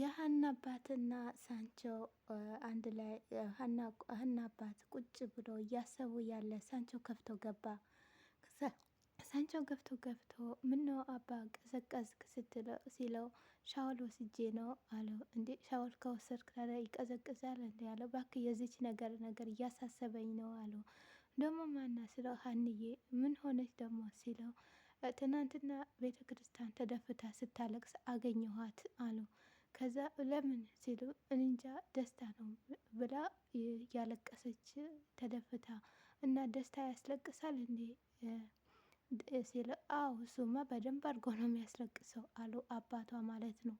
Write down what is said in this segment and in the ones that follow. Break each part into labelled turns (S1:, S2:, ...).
S1: የሀና አባትና ሳንቾ አንድ ላይ ሀና አባት ቁጭ ብሎ እያሰቡ ያለ ሳንቾ ከፍቶ ገባ። ሳንቾ ገብቶ ገብቶ ምነው አባ ቀዘቀዝክ ሲለው ሻወል ወስጄ ነው አለው። እንዴ ሻወል ከወሰድክ ታዲያ ይቀዘቅዛል እንዲ አለው። እባክህ የዚች ነገር ነገር እያሳሰበኝ ነው አለው። ደግሞ ማና ስለው ሀንዬ ምን ሆነች ደግሞ ሲለው ትናንትና ቤተ ክርስቲያን ተደፍታ ስታለቅስ አገኘኋት አለው። ከዛ ለምን ሲሉ እንጃ ደስታ ነው ብላ ያለቀሰች ተደፍታ እና ደስታ ያስለቅሳል እንዴ ሲል አዎ እሱማ በደንብ አድርጎ ነው የሚያስለቅሰው አሉ አባቷ ማለት ነው።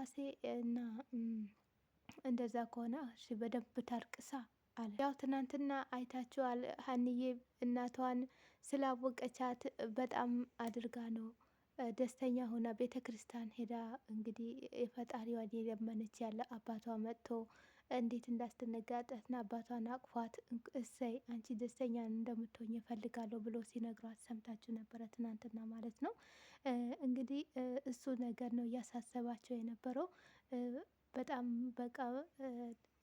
S1: አሴ እና እንደዛ ከሆነ እሺ በደንብ ታርቅሳ አለ። ያው ትናንትና አይታችኋል ሀንዬ እናቷን ስላወቀቻት በጣም አድርጋ ነው ደስተኛ ሆና ቤተ ክርስቲያን ሄዳ እንግዲህ የፈጣሪዋን የለመነች ያለ አባቷ መጥቶ እንዴት እንዳስደነገጣትና አባቷን አቅፏት እሰይ አንቺ ደስተኛ እንደምትሆኝ እፈልጋለሁ ብሎ ሲነግሯት ሰምታችሁ ነበረ ትናንትና ማለት ነው። እንግዲህ እሱ ነገር ነው እያሳሰባቸው የነበረው። በጣም በቃ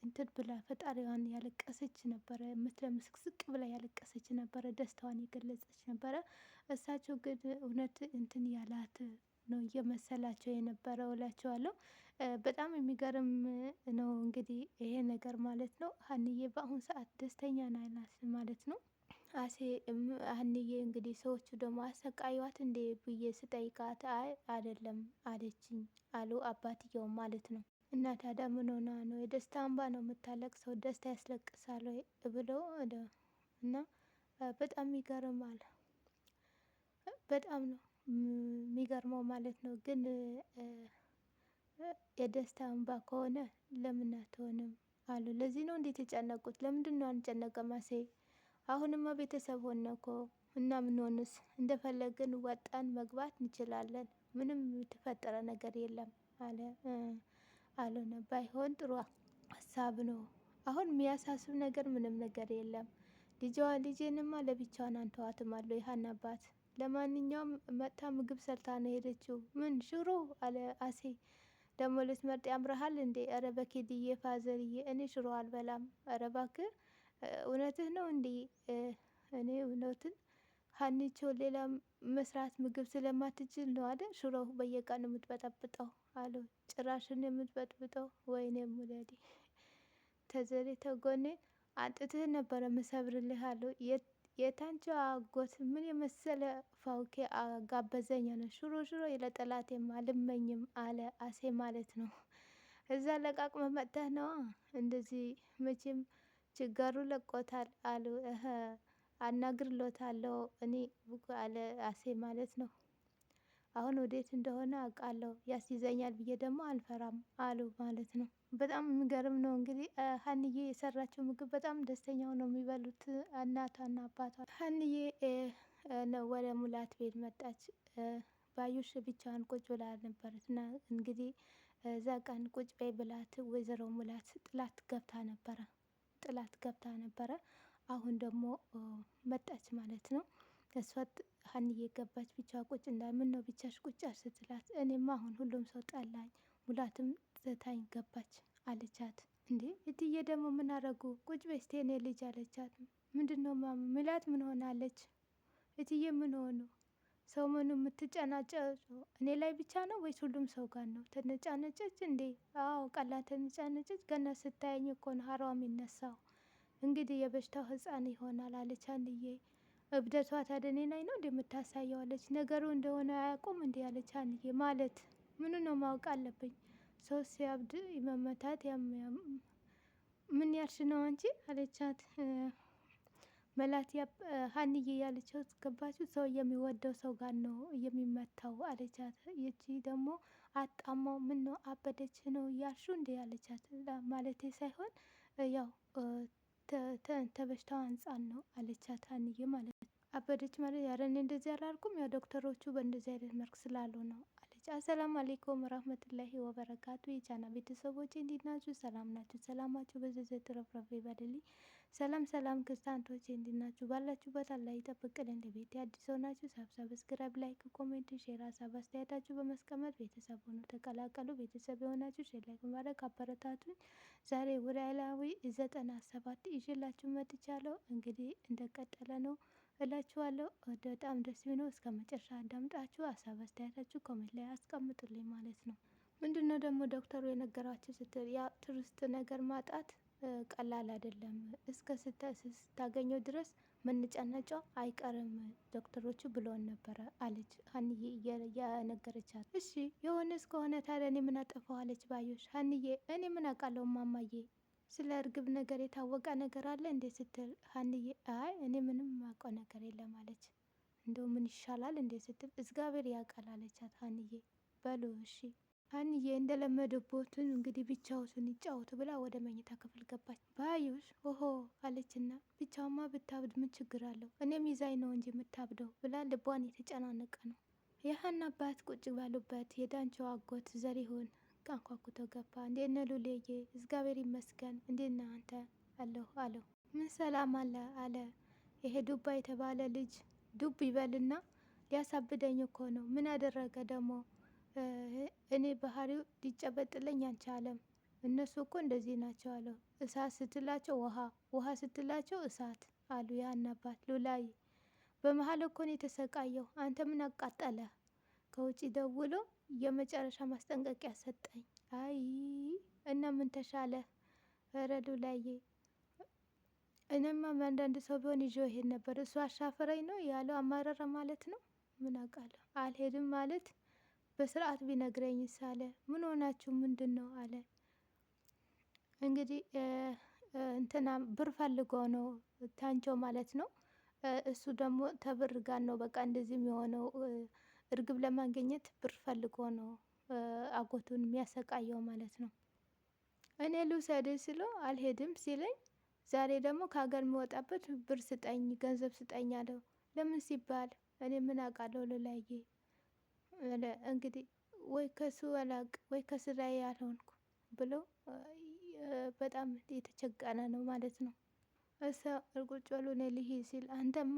S1: እንትን ብላ ፈጣሪዋን ያለቀሰች ነበረ። ምስለ ምስቅስቅ ብላ ያለቀሰች ነበረ። ደስታዋን የገለጸች ነበረ። እሳቸው ግን እውነት እንትን ያላት ነው እየመሰላቸው የነበረው እላቸዋለሁ። በጣም የሚገርም ነው እንግዲህ ይሄ ነገር ማለት ነው። ሀንዬ በአሁኑ ሰዓት ደስተኛ ናት ማለት ነው። አሴ ሀንዬ እንግዲህ ሰዎቹ ደግሞ አሰቃዩዋት እንዴ ብዬ ስጠይቃት አይ አይደለም አለችኝ አሉ አባትየው ማለት ነው። እና ታዲያ ምን ሆና ነው የደስታ አምባ ነው የምታለቅ ሰው ደስታ ያስለቅሳል ወይ ብሎ እና በጣም ይገርማል። በጣም ነው የሚገርመው ማለት ነው። ግን የደስታ እንባ ከሆነ ለምን አትሆንም አሉ። ለዚህ ነው እንዴት የተጨነቁት? ለምንድን ነው አንጨነቀም? ማሴ? አሁንማ ቤተሰብ ሆነ እኮ እና ምን ሆንስ? እንደፈለግን ወጣን መግባት እንችላለን። ምንም የተፈጠረ ነገር የለም አለ አሉነ። ባይሆን ጥሩ ሀሳብ ነው። አሁን የሚያሳስብ ነገር ምንም ነገር የለም። ልጅዋ ልጄንማ ለብቻዋን አንተዋትም አሉ የሀና አባት ለማንኛውም መጥታ ምግብ ሰርታ ነው ሄደችው። ምን ሽሮ አለ አሴ። ደግሞ ልትመርጥ ያምረሃል እንዴ? ኧረ በኬድዬ ፋዘርዬ፣ እኔ ሽሮ አልበላም። ኧረ እባክህ እውነትህ ነው እንዴ? እኔ እውነትን ሀኒቾ፣ ሌላ መስራት ምግብ ስለማትችል ነው አይደል ሽሮ በየቀኑ የምትበጠብጠው አሉ። ጭራሽን የምትበጥብጠው ወይኔ ሙለዴ ተዘሬ ተጎኔ አንጥትህ ነበረ ምሰብርልህ አሉ። የታንቺ አጎት ምን የመሰለ ፋውኬ አጋበዘኝ ነው። ሽሮ ሽሮ ለጠላቴም አልመኝም አለ አሴ ማለት ነው። እዛ ለቃቅመ መጥተህ ነዋ እንደዚህ መቼም ችጋሩ ለቆታል አሉ ሎታለው እኔ አለ አሴ ማለት ነው። አሁን ወዴት እንደሆነ አውቃለሁ ያስይዘኛል ብዬ ደግሞ አልፈራም አሉ ማለት ነው። በጣም የሚገርም ነው እንግዲህ ሀንዬ የሰራችው ምግብ በጣም ደስተኛ ነው የሚበሉት እናቷና አባቷ። ሀንዬ ነው ወደ ሙላት ቤት መጣች። ባዩሽ ብቻዋን ቁጭ ብላ ነበረች እና እንግዲህ እዛ ቀን ቁጭ በይ ብላት ወይዘሮ ሙላት ጥላት ገብታ ነበረ ጥላት ገብታ ነበረ። አሁን ደግሞ መጣች ማለት ነው እሷ ሀንዬ ገባች ብቻ ቁጭ እንዳል ምን ነው ብቻሽ ቁጭ ስትላት፣ እኔማ አሁን ሁሉም ሰው ጠላኝ፣ ሙላትም ዘታኝ ገባች አለቻት። እንዴ እትዬ ደግሞ ምን አረጉ? ቁጭ በስቴ እኔ ልጅ አለቻት። ምንድን ነው ማም ምላት ምን ሆናለች? እትዬ ምን ሆኑ? ሰው ምኑ የምትጨናጨሱ እኔ ላይ ብቻ ነው ወይስ ሁሉም ሰው ጋር ነው? ተነጫነጨች እንዴ? አዎ ቀላል ተነጫነጨች። ገና ስታየኝ እኮ ነው ሀሯም ይነሳው። እንግዲህ የበሽታው ህፃን ይሆናል አለች አንድዬ እብደቷ ታደኔ ላይ ነው እንደምታሳየዋለች ነገሩ እንደሆነ አያውቁም እንዲ ያለች አንዬ ማለት ምኑ ነው ማወቅ አለብኝ። ሰው ሲያብድ የመመታት ምን ያልሽ ነው አንቺ አለቻት። መላት ሀንዬ ያለችው ገባችሁ፣ ሰው የሚወደው ሰው ጋር ነው የሚመታው አለቻት። ይቺ ደግሞ አጣማው ምን ነው አበደች ነው ያልሹ እንዲ ያለቻት ማለቴ ሳይሆን ያው ተበሽታው አንጻር ነው አለቻት ሀንዬ ማለት አበደች ማለት ያረ እኔ እንደዚህ አላልኩም፣ ያው ዶክተሮቹ በእንደዚህ አይነት መልክ ስላሉ ነው አለች። አሰላሙ አሌይኩም ረህመቱላሂ ወበረካቱ የቻና ቤተሰቦች እንዴት ናችሁ? ሰላም ናችሁ? ሰላማችሁ በዘዘ ትረፍረፍ ይበልልኝ። ሰላም ሰላም ክርስቲያንቶች እንዴት ናችሁ? ባላችሁበት አላህ ይጠብቅልን። ለቤት አዲስ ሆናችሁ ሰብስክራይብ፣ ላይክ፣ ኮሜንት፣ ሼር ሀሳብ አስተያየታችሁ በመስቀመጥ ቤተሰብ ሆኑ ተቀላቀሉ። ቤተሰብ የሆናችሁ ሼር ላይ በማድረግ አበረታቱኝ። ዛሬ ኖላዊ ዘጠና ሰባት ይዤላችሁ መጥቻለሁ። እንግዲህ እንደቀጠለ ነው እላችኋለሁ። በጣም ደስ የሚለው እስከ መጨረሻ አዳምጣችሁ ሀሳብ አስተያየታችሁ ኮሜንት ላይ አስቀምጡልኝ ማለት ነው። ምንድን ነው ደግሞ ዶክተሩ የነገራችሁ ስትል ያ ትርስት ነገር ማጣት ቀላል አይደለም። እስከ ስታገኘው ድረስ መነጫነጫው አይቀርም ዶክተሮቹ ብለውን ነበረ አለች ሀንዬ እየነገረቻት። እሺ የሆነ እስከሆነ ታዲያ እኔ ምን አጠፋው አለች ባዮሽ። ሀንዬ እኔ ምን አውቃለሁ ማማዬ ስለ እርግብ ነገር የታወቀ ነገር አለ እንዴ? ስትል ሀንዬ አይ እኔ ምንም የማውቀው ነገር የለም አለች። እንደው ምን ይሻላል እንዴ ስትል እግዚአብሔር ያውቃል አለቻት ሀንዬ። በሉ እሺ ሀንዬ እንደለመደቦትን እንግዲህ ብቻዎትን ይጫወቱ ብላ ወደ መኝታ ክፍል ገባች። ባዩሽ ኦሆ አለችና ብቻውማ ብታብድ ምን ችግር አለው? እኔም ይዛኝ ነው እንጂ የምታብደው ብላ ልቧን የተጨናነቀ ነው። የሀና አባት ቁጭ ባሉበት የዳንቸው አጎት ዘሪሁን አንኳኩቶ ገባ። እንዴት ነህ ሉሌዬ? እግዚአብሔር ይመስገን እንዴት ነህ አንተ? አለሁ አለው። ምን ሰላም አለ አለ። ይሄ ዱባ የተባለ ልጅ ዱብ ይበልና ሊያሳብደኝ እኮ ነው። ምን አደረገ ደግሞ? እኔ ባህሪው ሊጨበጥልኝ አልቻለም። እነሱ እኮ እንደዚህ ናቸው አለሁ። እሳት ስትላቸው ውሃ፣ ውሃ ስትላቸው እሳት አሉ ያን አባት። ሉላዬ በመሀል እኮ ነው የተሰቃየው። አንተ ምን አቃጠለ? ከውጭ ደውሎ የመጨረሻ ማስጠንቀቂያ ሰጠኝ። አይ እና ምን ተሻለ ረዱ ላይ እኔማ አንዳንድ ሰው ቢሆን ይዞ ይሄድ ነበር። እሱ አሻፈረኝ ነው ያለው አማረረ ማለት ነው። ምን አውቃለሁ አልሄድም ማለት በስርዓት ቢነግረኝ ሳለ ምን ሆናችሁ ምንድን ነው አለ። እንግዲህ እንትና ብር ፈልጎ ነው ታንቸው ማለት ነው። እሱ ደግሞ ተብር ጋር ነው በቃ እንደዚህ የሆነው? እርግብ ለማግኘት ብር ፈልጎ ነው አጎቱን የሚያሰቃየው ማለት ነው። እኔ ልውሰድ ስለው አልሄድም ሲለኝ ዛሬ ደግሞ ከሀገር የሚወጣበት ብር ስጠኝ፣ ገንዘብ ስጠኝ አለው። ለምን ሲባል እኔ ምን አውቃለሁ ልላዬ እንግዲህ ወይ ከሱ አላቅ ወይ ከስራ አልሆንኩ ብሎ በጣም የተቸገረ ነው ማለት ነው። እሰ እርቁጭ በሉ እኔ ልሂድ ሲል አንተማ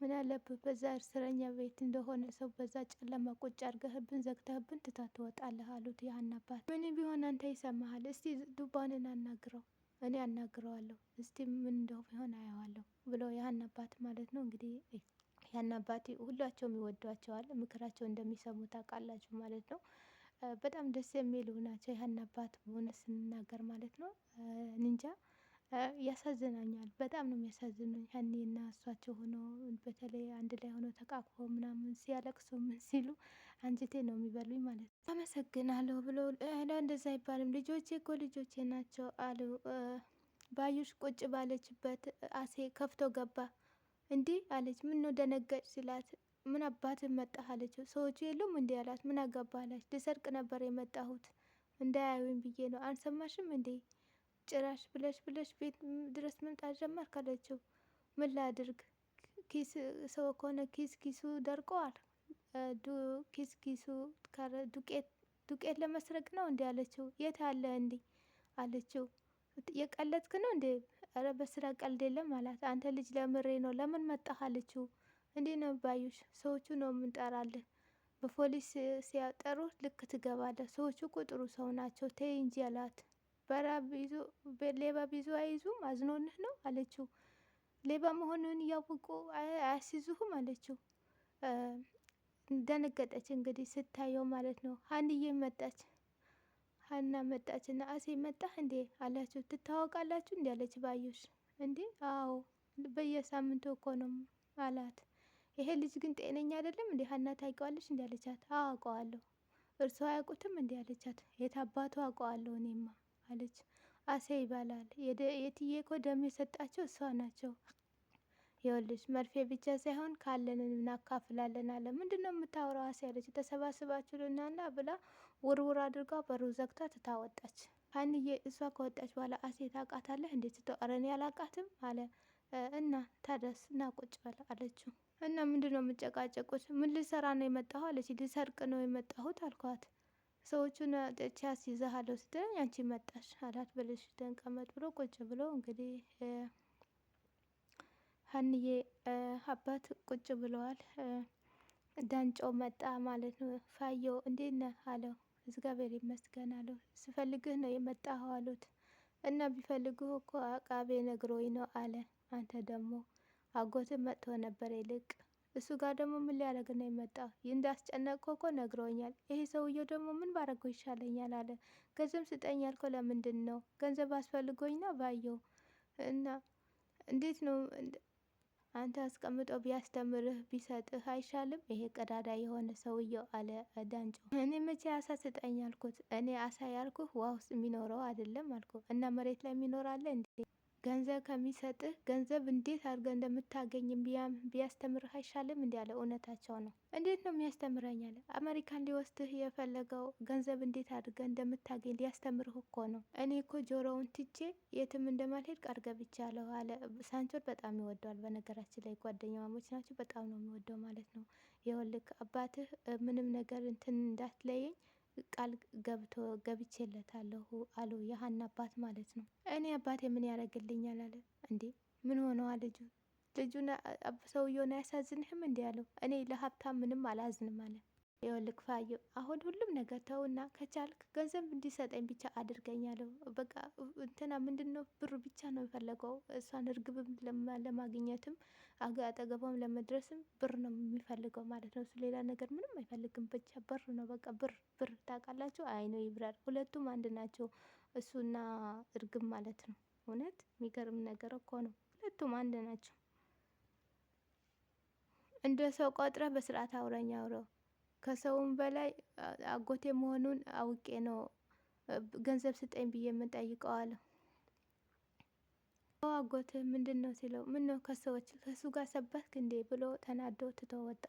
S1: ምን አለብህ በዛ እስረኛ ቤት እንደሆነ ሰው በዛ ጨለማ ቁጭ አድርገህብን ዘግተህብን ትታ ትወጣለህ አሉት። ያን አባት ምን ቢሆን አንተ ይሰማሃል፣ እስቲ ዱባንን አናግረው፣ እኔ አናግረዋለሁ፣ እስቲ ምን እንደሆነ ቢሆን አየዋለሁ ብሎ ያን አባት ማለት ነው እንግዲህ ያን አባት ሁላቸውም ይወዷቸዋል፣ ምክራቸው እንደሚሰሙ ታውቃላችሁ ማለት ነው። በጣም ደስ የሚሉ ናቸው ያን አባት በእውነት ስንናገር ማለት ነው። እንጃ ያሳዝናኛል። በጣም ነው የሚያሳዝኑኝ እና እሷቸው ሆኖ በተለይ አንድ ላይ ሆኖ ተቃቅፎ ምናምን ሲያለቅሱ ምን ሲሉ አንጀቴ ነው የሚበሉኝ ማለት ነው። አመሰግናለሁ ብሎ እንደዛ አይባልም። ልጆቼ እኮ ልጆቼ ናቸው አሉ። ባዩሽ ቁጭ ባለችበት አሴ ከፍቶ ገባ። እንዲህ አለች። ምን ነው ደነገጭ ሲላት ምን አባትን መጣህ አለችው። ሰዎቹ የሉም እንዲህ አላት። ምን አገባ አላች። ልሰርቅ ነበር የመጣሁት እንዳያዩኝ ብዬ ነው። አልሰማሽም እንዴ ጭራሽ ብለሽ ብለሽ ቤት ድረስ መምጣት ጀመር ካለችው ምን ላድርግ ኪስ ሰው ከሆነ ኪስ ኪሱ ደርቀዋል። ኪስ ኪሱ ዱቄት ዱቄት ለመስረቅ ነው እንዲ አለችው። የት አለ እንዴ አለችው። የቀለጥክ ነው እንዴ? ኧረ በስራ ቀልድ የለም አላት። አንተ ልጅ ለምሬ ነው ለምን መጣህ አለችው። እንዴ ነው ባዩሽ፣ ሰዎቹ ነው የምንጠራልህ። በፖሊስ ሲያጠሩ ልክ ትገባለህ። ሰዎቹ ቁጥሩ ሰው ናቸው ተይ እንጂ አላት። በራ ይዞ ሌባ ቢዞ አይዙም አዝኖንህ ነው አለችው። ሌባ መሆኑን እያወቁ አያስይዙህም አለችው። ደነገጠች እንግዲህ ስታየው ማለት ነው። ሀንዬ መጣች። ሀና መጣች እና አሴ መጣህ እንዴ አላችሁ ትታወቃላችሁ እንዴ አለች ባዩሽ። እንዴ አዎ በየሳምንቱ እኮ ነው አላት። ይሄ ልጅ ግን ጤነኛ አይደለም እንዴ ሀና ታውቂዋለሽ እንዴ አለቻት። አዎ አውቀዋለሁ። እርስዎ አያውቁትም እንዴ አለቻት። የት አባቱ አውቀዋለሁ እኔማ አለች። አሴ ይባላል። የትዬ እኮ ደም የሰጣቸው እሷ ናቸው። ይኸውልሽ መርፌ ብቻ ሳይሆን ካለንን እናካፍላለን አለ። ምንድን ነው የምታወራው አሴ አለች። የተሰባሰባችሁ ልናና ብላ ውርውር አድርጋ በሩ ዘግታ ትታወጣች። አንዬ እሷ ከወጣች በኋላ አሴ ታውቃታለህ እንዴት ስትወረን ያላቃትም አለ። እና ታደስ እና ቁጭ በል አለችው። እና ምንድን ነው የምጨቃጨቁት? ምን ልሰራ ነው የመጣሁ አለች። ልሰርቅ ነው የመጣሁት አልኳት። ሰዎቹን አውጥቼ አስይዝሃለሁ ስትለኝ አንቺ መጣሽ አላት። በልሽ ተንቀመጥ ብሎ ቁጭ ብሎ እንግዲህ ሀንዬ አባት ቁጭ ብለዋል። ዳንጮ መጣ ማለት ነው። ፋየው እንዴት ነህ አለው። እግዚአብሔር ይመስገን አለው። ስፈልግህ ነው የመጣኸው አሉት። እና ቢፈልግህ እኮ አቃቤ ነግሮኝ ነው አለ። አንተ ደግሞ አጎትህ መጥቶ ነበር ይልቅ እሱ ጋር ደግሞ ምን ሊያደርግ ነው የመጣው? እንዳስጨነቅ እኮ ነግረውኛል። ይሄ ሰውዬው ደግሞ ምን ባረገው ይሻለኛል አለ። ገንዘብ ስጠኝ ያልከው ለምንድን ነው? ገንዘብ አስፈልጎኝ ነው ባየው እና እንዴት ነው አንተ አስቀምጦ ቢያስተምርህ ቢሰጥህ አይሻልም? ይሄ ቀዳዳ የሆነ ሰውየው አለ ዳንጮ። እኔ መቼ አሳ ስጠኝ አልኩት? እኔ አሳ ያልኩህ ውሃ ውስጥ የሚኖረው አይደለም አልኩ እና መሬት ላይ የሚኖር አለ እንዴ? ገንዘብ ከሚሰጥህ ገንዘብ እንዴት አድርገህ እንደምታገኝ ቢያስተምርህ አይሻልም? እንዲ ያለ እውነታቸው ነው። እንዴት ነው የሚያስተምረኝ አለ። አሜሪካን ሊወስድህ የፈለገው ገንዘብ እንዴት አድርገህ እንደምታገኝ ሊያስተምርህ እኮ ነው። እኔ እኮ ጆሮውን ትቼ የትም እንደማልሄድ ቃል ገብቻለሁ አለ። ሳንቾን በጣም ይወደዋል። በነገራችን ላይ ማሞች ናቸው። በጣም ነው የሚወደው ማለት ነው። የወልክ አባትህ ምንም ነገር እንትን እንዳትለየኝ ቃል ገብቶ ገብቼለታለሁ አሉ የሀና አባት ማለት ነው። እኔ አባቴ ምን ያደርግልኛል አለ። እንዴ ምን ሆነዋ ልጁ ልጁን ሰውየውን አያሳዝንህም እንዲ አለው። እኔ ለሀብታም ምንም አላዝንም አለ። ይኸውልህ ክፋየው አሁን ሁሉም ነገር ተውና ከቻልክ ገንዘብ እንዲሰጠኝ ብቻ አድርገኛለሁ። በቃ እንትና ምንድን ነው ብር ብቻ ነው የፈለገው። እሷን እርግብም ለማግኘትም አጠገቧም ለመድረስም ብር ነው የሚፈልገው ማለት ነው። እሱ ሌላ ነገር ምንም አይፈልግም። ብቻ ብር ነው በቃ ብር ብር። ታውቃላችሁ፣ አይኑ ይብራል። ሁለቱም አንድ ናቸው፣ እሱና እርግብ ማለት ነው። እውነት የሚገርም ነገር እኮ ነው። ሁለቱም አንድ ናቸው። እንደ ሰው ቆጥረ በስርዓት አውረኝ አውረው ከሰውም በላይ አጎቴ መሆኑን አውቄ ነው ገንዘብ ስጠኝ ብዬ የምንጠይቀው አለ። አጎቴ ምንድን ነው ሲለው፣ ምን ነው ከሰዎች ከሱ ጋር ሰበትክ እንዴ ብሎ ተናዶ ትቶ ወጣ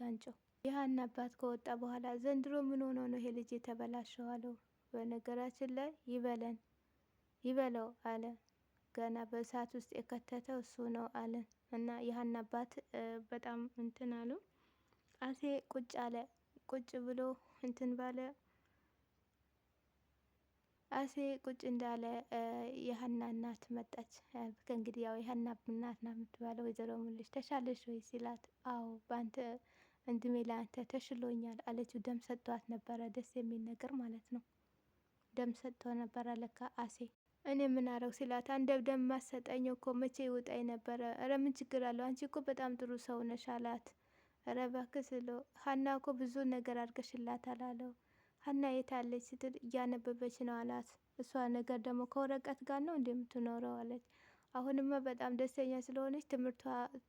S1: ዳንጮ። ይህን አባት ከወጣ በኋላ ዘንድሮ ምን ሆኖ ነው ይሄ ልጅ የተበላሸው አለው። በነገራችን ላይ ይበለን ይበለው አለ። ገና በእሳት ውስጥ የከተተው እሱ ነው አለ እና ይህን አባት በጣም እንትን አሉ። አሴ ቁጭ አለ። ቁጭ ብሎ እንትን ባለ አሴ ቁጭ እንዳለ የሀና እናት መጣች። ከእንግዲህ ያው የሀና እናት ናት የምትባለው ወይዘሮ ሙልሽ ተሻለሽ ወይ ሲላት፣ አዎ በአንተ እንድሜ ለአንተ ተሽሎኛል አለችው። ደም ሰጥቷት ነበረ። ደስ የሚል ነገር ማለት ነው። ደም ሰጥቶ ነበረ ለካ አሴ። እኔ ምን አረው ሲላት፣ አንደ ደም ማሰጠኝ እኮ መቼ ይውጣኝ ነበረ። እረ ምን ችግር አለው አንቺ እኮ በጣም ጥሩ ሰው ነሽ አላት። ኧረ እባክህ ስለው ሀና እኮ ብዙ ነገር አድርገሽላታል አለው። ሀና የታለች ስትል እያነበበች ነው አላት። እሷ ነገር ደግሞ ከወረቀት ጋር ነው እንደምትኖረው አለች። አሁንማ በጣም ደስተኛ ስለሆነች ትምህርቷ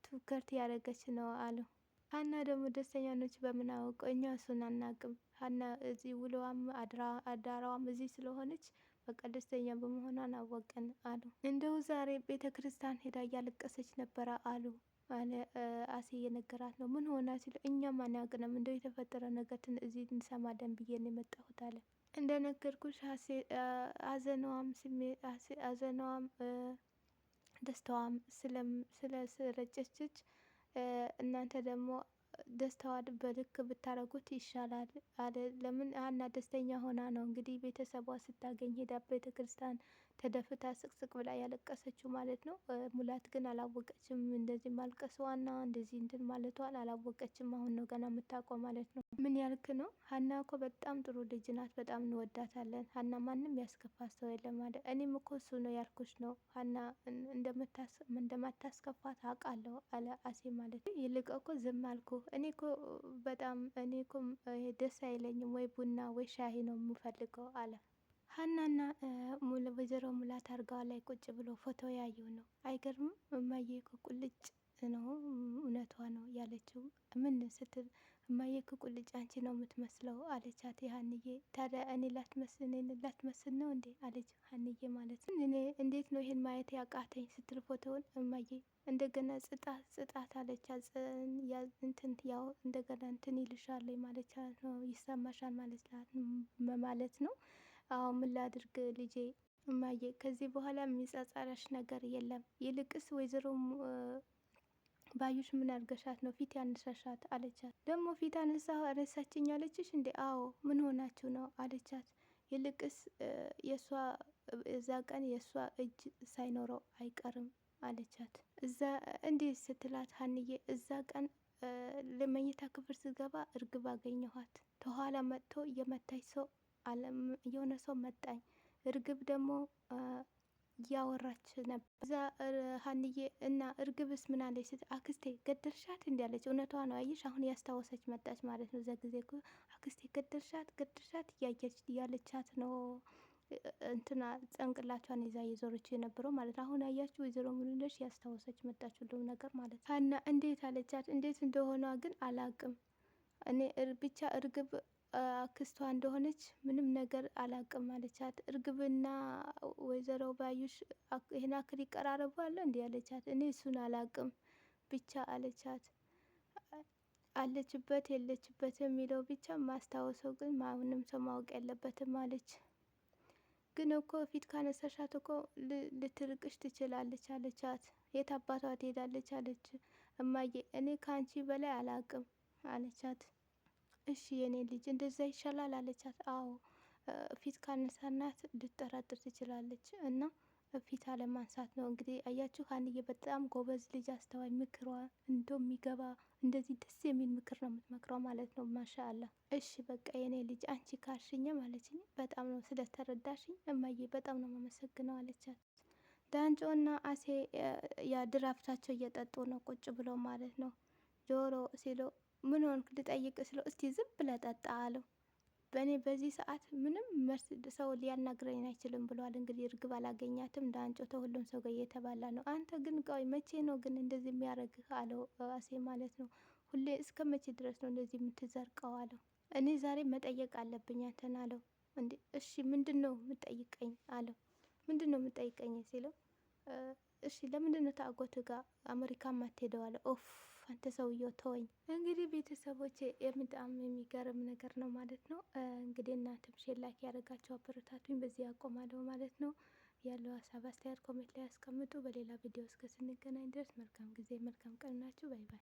S1: ትኩረት እያደረገች ነው አለው። ሀና ደግሞ ደስተኛ ነች በምን እኛ እሱን አናቅም። ሀና እዚህ ውሎዋም አዳራዋም እዚህ ስለሆነች በቃ ደስተኛ በመሆኗን አወቅን አሉ። እንደው ዛሬ ቤተ ክርስቲያን ሄዳ እያለቀሰች ነበረ አሉ። አሴ እየነገራት ነው። ምን ሆና ሲለው እኛም አናውቅንም እንደው የተፈጠረ ነገር እዚህ ደን ብዬ ነው የመጣሁት አለ። እንደነገርኩሽ ሐዘኗም ሐዘኗም ደስታዋም ስለሰረጨችች እናንተ ደግሞ ደስታዋ በልክ ብታረጉት ይሻላል አለ። ለምን አና ደስተኛ ሆና ነው እንግዲህ ቤተሰቧ ስታገኝ ሄዳ ቤተ ክርስቲያን ተደፍታ ስቅስቅ ብላ ያለቀሰችው ማለት ነው። ሙላት ግን አላወቀችም። እንደዚህ ማልቀስዋና እንደዚህ እንትን ማለቷን አላወቀችም። አሁን ነው ገና የምታውቀው ማለት ነው። ምን ያልክ ነው? ሀና እኮ በጣም ጥሩ ልጅ ናት። በጣም እንወዳታለን። ሀና ማንም ያስከፋ ሰው የለም አለ። እኔም እኮ እሱ ነው ያልኩሽ ነው። ሀና እንደማታስከፋት አውቃለሁ አለ አሴ ማለት ነው። ይልቅ እኮ ዝም አልኩ። እኔ እኮ በጣም እኔ እኮ ደስ አይለኝም ወይ ቡና ወይ ሻሂ ነው የምፈልገው አለ ሀናና ወይዘሮ ሙላት አርጋዋ ላይ ቁጭ ብሎ ፎቶ ያዩ ነው። አይገርምም? እማዬ እኮ ቁልጭ ነው እውነቷ ነው ያለችው። ምን ስትል እማዬ እኮ ቁልጭ አንቺ ነው የምትመስለው አለቻት ሀንዬ። ታዲያ እኔ ላትመስል እኔ ላትመስል ነው እንዴ አለች ሀንዬ ማለት ነው። እኔ እንዴት ነው ይሄን ማየት ያቃተኝ ስትል ፎቶውን እማዬ እንደገና ጽጣት ጽጣት አለቻት። እንትን ያው እንደገና እንትን ይልሻለኝ ማለቻት ነው ይሰማሻል ማለት ማለት ነው አዎ ምን ላድርግ ልጄ እማዬ፣ ከዚህ በኋላ የሚጸጸረሽ ነገር የለም። ይልቅስ ወይዘሮ ባዩሽ ምን አድርገሻት ነው ፊት ያነሳሻት? አለቻት። ደግሞ ፊት አነሳ አነሳችኝ አለችሽ እንዴ? አዎ ምን ሆናችሁ ነው አለቻት። ይልቅስ የእሷ እዛ ቀን የእሷ እጅ ሳይኖረው አይቀርም አለቻት። እዛ እንዴት ስትላት ሀንዬ እዛ ቀን ለመኝታ ክፍል ስገባ እርግብ አገኘኋት። ከኋላ መጥቶ የመታች ሰው አለም የሆነ ሰው መጣኝ። እርግብ ደግሞ እያወራች ነበር። እዛ ሀንዬ እና እርግብስ ምን አለች ስት አክስቴ ገደልሻት አለች። እውነቷ ነው። አየሽ አሁን ያስታወሰች መጣች ማለት ነው። እዛ ጊዜ እኮ አክስቴ ገደልሻት ገደልሻት እያየች እያለቻት ነው እንትና ጸንቅላቿን ይዛ እየዞረች የነበረው ማለት ነው። አሁን አያችሁ ወይዘሮ ሙሉነሽ ያስታወሰች መጣች ሁሉም ነገር ማለት ነው። ሀና እንዴት አለቻት። እንዴት እንደሆኗ ግን አላቅም እኔ ብቻ እርግብ አክስቷ እንደሆነች ምንም ነገር አላቅም አለቻት። እርግብና ወይዘሮ ባዩሽ ይህን አክል ይቀራረቡ አለ እንዲ አለቻት። እኔ እሱን አላቅም ብቻ አለቻት። አለችበት የለችበት የሚለው ብቻ ማስታወሰው ግን ማንም ሰው ማወቅ ያለበትም አለች። ግን እኮ ፊት ካነሳሻት እኮ ልትርቅሽ ትችላለች አለቻት። የት አባቷ ትሄዳለች አለች። እማዬ እኔ ከአንቺ በላይ አላቅም አለቻት። እሺ የኔ ልጅ እንደዛ ይሻላል አለቻት። አዎ ፊት ካልነሳናት ልትጠራጥር ትችላለች እና ፊት አለማንሳት ነው እንግዲህ። አያችሁ ሀንዬ በጣም ጎበዝ ልጅ፣ አስተዋይ፣ ምክሯ የሚገባ እንደዚህ ደስ የሚል ምክር ነው የምትመክረው ማለት ነው። ማሻአላ እሺ በቃ የኔ ልጅ አንቺ ካልሽኝ ማለችኝ። በጣም ነው ስለተረዳሽኝ እማዬ በጣም ነው የማመሰግነው አለቻት። ዳንጮ እና አሴ የድራፍታቸው እየጠጡ ነው ቁጭ ብሎ ማለት ነው ጆሮ ሲሎ ምን ሆንክ ልጠይቅ ስለው እስቲ ዝም ብለህ ጠጣ አለው። በእኔ በዚህ ሰዓት ምንም መርስ ሰው ሊያናግረኝ አይችልም ብሏል። እንግዲህ እርግብ አላገኛትም ዳንጮተ ተሁሉም ሰው ጋር እየተባላ ነው። አንተ ግን ቆይ መቼ ነው ግን እንደዚህ የሚያደርግህ አለው አሴ ማለት ነው። ሁሌ እስከ መቼ ድረስ ነው እንደዚህ የምትዘርቀው አለው። እኔ ዛሬ መጠየቅ አለብኝ አንተን አለው። እንዴ እሺ ምንድን ነው የምጠይቀኝ አለው። ምንድን ነው የምጠይቀኝ ሲለው እሺ ለምንድን ነው ታጎት ጋር አሜሪካ ማትሄደው አለ ኦፍ አንተ ሰውየው ተወኝ። እንግዲህ ቤተሰቦች የምጣም የሚገርም ነገር ነው ማለት ነው። እንግዲህ እናንተም ሼር ላይክ ያደረጋችሁ አበረታቱኝ። በዚህ ማለት ነው። ያለው ሀሳብ አስተያየት ኮሜንት ላይ ያስቀምጡ። በሌላ ቪዲዮ እስከ ስንገናኝ ድረስ መልካም ጊዜ መልካም ቀን ናችሁ። ባይ ባይ።